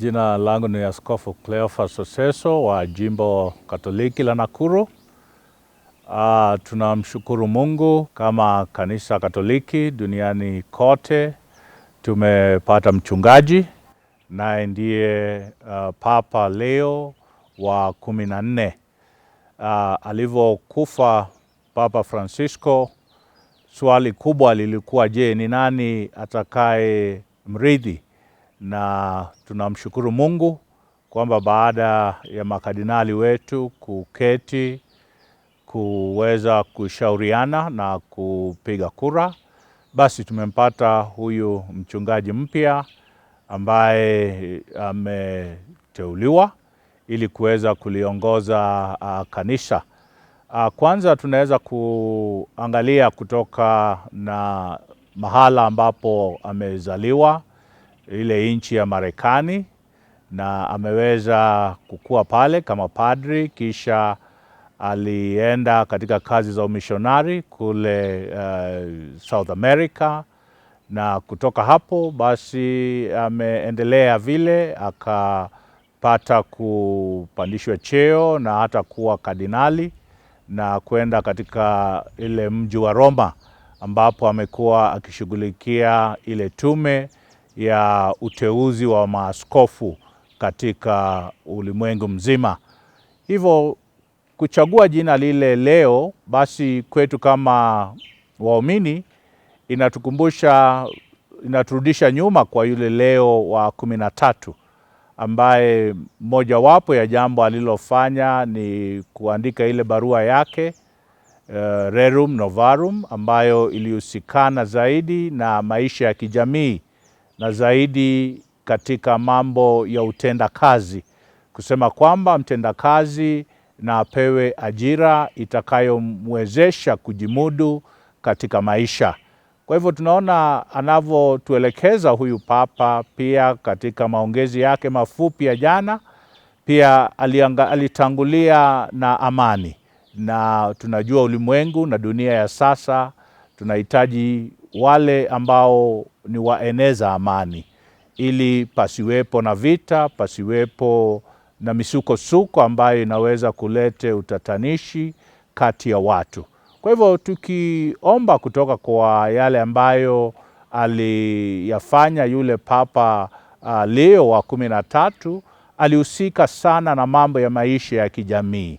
Jina langu ni Askofu Cleophas Oseso wa Jimbo Katoliki la Nakuru. Uh, tunamshukuru Mungu kama kanisa Katoliki duniani kote tumepata mchungaji naye ndiye uh, Papa Leo wa kumi na nne. Uh, alivyokufa Papa Francisco, swali kubwa lilikuwa je, ni nani atakaye mrithi na tunamshukuru Mungu kwamba baada ya makadinali wetu kuketi kuweza kushauriana na kupiga kura, basi tumempata huyu mchungaji mpya ambaye ameteuliwa ili kuweza kuliongoza uh, kanisa. Uh, kwanza tunaweza kuangalia kutoka na mahala ambapo amezaliwa ile nchi ya Marekani na ameweza kukua pale kama padri, kisha alienda katika kazi za umishonari kule uh, South America, na kutoka hapo basi ameendelea vile, akapata kupandishwa cheo na hata kuwa kardinali na kwenda katika ile mji wa Roma ambapo amekuwa akishughulikia ile tume ya uteuzi wa maaskofu katika ulimwengu mzima. Hivyo kuchagua jina lile leo basi kwetu kama waumini inatukumbusha, inaturudisha nyuma kwa yule Leo wa kumi na tatu ambaye mojawapo ya jambo alilofanya ni kuandika ile barua yake uh, Rerum Novarum ambayo ilihusikana zaidi na maisha ya kijamii na zaidi katika mambo ya utenda kazi kusema kwamba mtenda kazi na apewe ajira itakayomwezesha kujimudu katika maisha. Kwa hivyo tunaona anavyotuelekeza huyu Papa pia katika maongezi yake mafupi ya jana, pia alianga, alitangulia na amani, na tunajua ulimwengu na dunia ya sasa tunahitaji wale ambao ni waeneza amani, ili pasiwepo na vita, pasiwepo na misukosuko ambayo inaweza kulete utatanishi kati ya watu. Kwa hivyo tukiomba kutoka kwa yale ambayo aliyafanya yule Papa uh, Leo wa kumi na tatu, alihusika sana na mambo ya maisha ya kijamii,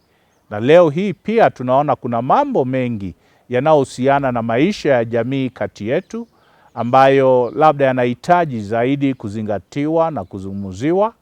na leo hii pia tunaona kuna mambo mengi yanayohusiana na maisha ya jamii kati yetu ambayo labda yanahitaji zaidi kuzingatiwa na kuzungumziwa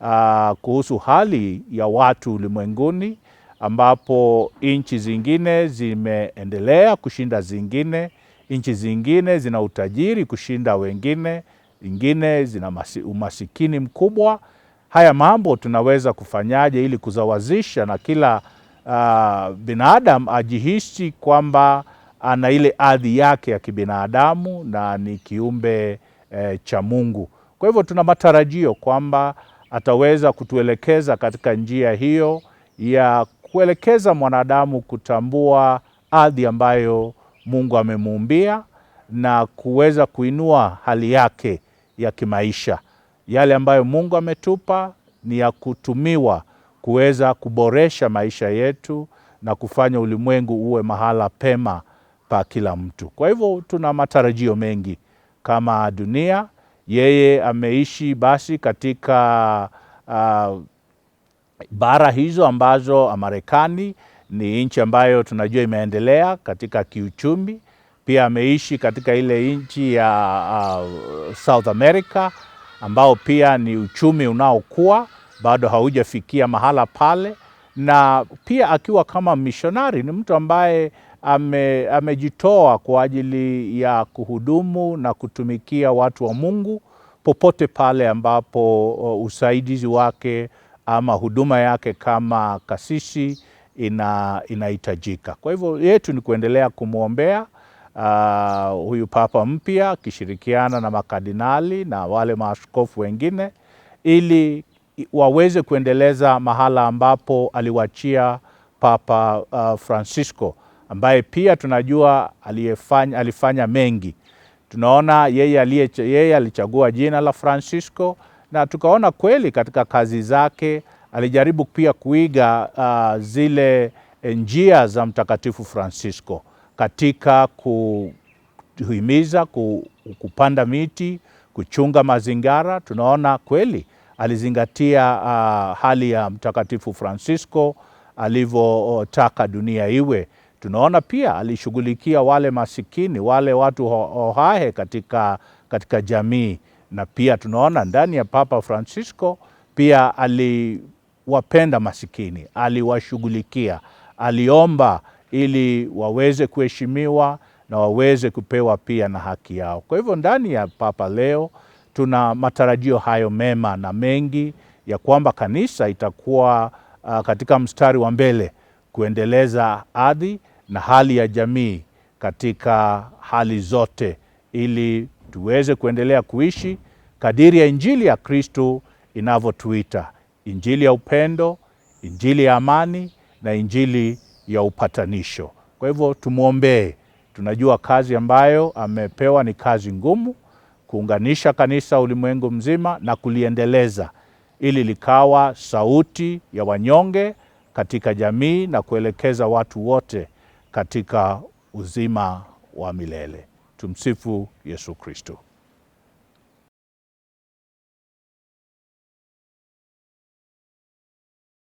uh, kuhusu hali ya watu ulimwenguni ambapo nchi zingine zimeendelea kushinda zingine, nchi zingine zina utajiri kushinda wengine, zingine zina umasikini mkubwa. Haya mambo tunaweza kufanyaje ili kuzawazisha na kila uh, binadamu ajihisi kwamba ana ile adhi yake ya kibinadamu na ni kiumbe e, cha Mungu. Kwa hivyo tuna matarajio kwamba ataweza kutuelekeza katika njia hiyo ya kuelekeza mwanadamu kutambua adhi ambayo Mungu amemuumbia na kuweza kuinua hali yake ya kimaisha. Yale ambayo Mungu ametupa ni ya kutumiwa kuweza kuboresha maisha yetu na kufanya ulimwengu uwe mahala pema pa kila mtu. Kwa hivyo tuna matarajio mengi kama dunia. Yeye ameishi basi katika uh, bara hizo ambazo Marekani ni nchi ambayo tunajua imeendelea katika kiuchumi. Pia ameishi katika ile nchi ya uh, South America ambao pia ni uchumi unaokuwa bado haujafikia mahala pale, na pia akiwa kama mishonari, ni mtu ambaye ame, amejitoa kwa ajili ya kuhudumu na kutumikia watu wa Mungu popote pale ambapo usaidizi wake ama huduma yake kama kasisi ina, inahitajika. Kwa hivyo yetu ni kuendelea kumwombea uh, huyu papa mpya akishirikiana na makardinali na wale maaskofu wengine ili waweze kuendeleza mahala ambapo aliwachia Papa uh, Francisco ambaye pia tunajua alifanya, alifanya mengi. Tunaona yeye, aliye, yeye alichagua jina la Francisco na tukaona kweli katika kazi zake alijaribu pia kuiga uh, zile njia za Mtakatifu Francisco katika kuhimiza kupanda miti, kuchunga mazingira. Tunaona kweli alizingatia uh, hali ya Mtakatifu Francisco alivyotaka dunia iwe. Tunaona pia alishughulikia wale masikini, wale watu hohahe katika, katika jamii, na pia tunaona ndani ya Papa Francisco pia aliwapenda masikini, aliwashughulikia, aliomba ili waweze kuheshimiwa na waweze kupewa pia na haki yao. Kwa hivyo ndani ya Papa leo tuna matarajio hayo mema na mengi ya kwamba kanisa itakuwa uh, katika mstari wa mbele kuendeleza ardhi na hali ya jamii katika hali zote, ili tuweze kuendelea kuishi kadiri ya injili ya Kristo inavyotuita, injili ya upendo, injili ya amani na injili ya upatanisho. Kwa hivyo tumwombee. Tunajua kazi ambayo amepewa ni kazi ngumu, kuunganisha kanisa ulimwengu mzima na kuliendeleza ili likawa sauti ya wanyonge katika jamii na kuelekeza watu wote katika uzima wa milele. Tumsifu Yesu Kristo.